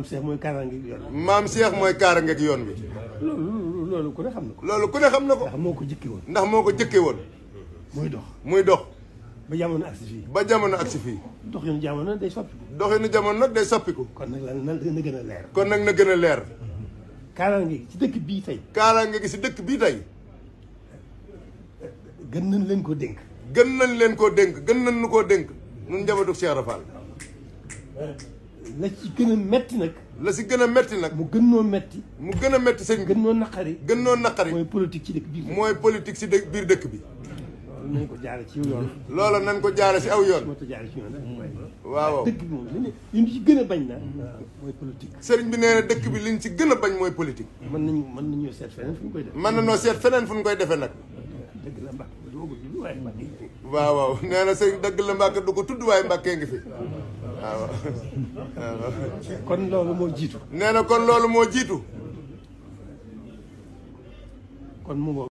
maam Cheikh mooy kaaraange yoon bi. maam Cheikh mooy kaaraange ak yoon bi. loolu loolu ku ne xam na ko. loolu ku ne xam na ko. ndax moo ko jëkkee woon. ndax moo ko jëkkee woon. muy dox muy dox. ba jamono agsi fii. ba jamono agsi fii. doxinu jamono day soppiku. doxinu jamono nag day soppiku. kon nag na na gën a leer. kon nag na gën a leer. kaaraange gi ci dëkk bii tey. kaaraange gi ci dëkk bii tey. gën nañ leen koo dénk. gën nañ leen koo dénk gën nañ nu koo dénk ñun njabootu Cheikh Rafal. la ci gën a metti nag la si gën a metti nag mu gën noo metti mu gën a metti sëñ bi gën noo naqari gën noo naqari mooy politique dëkk bi mooy politique si biir dëkk bi loolu nañ ko jaare ci yoon loola nañ ko jaare si aw yoon moo tax jaare ci yoon mm. waaw dëkk bi moom li ñu gën a bañ na mooy politique sëriñ bi nee na dëkk bi li ñu si gën a bañ mooy politique mën nañ mën nañoo ñu koy def mën nañoo seet feneen fu ñu koy defee nag dëgg la mbàkk waaw waaw nee na sëriñ dëgg la mbàkk du ko tudd waaye mbàkkee ngi fi waaw kon loolu moo jiitu. nee na kon loolu moo jiitu. kon mu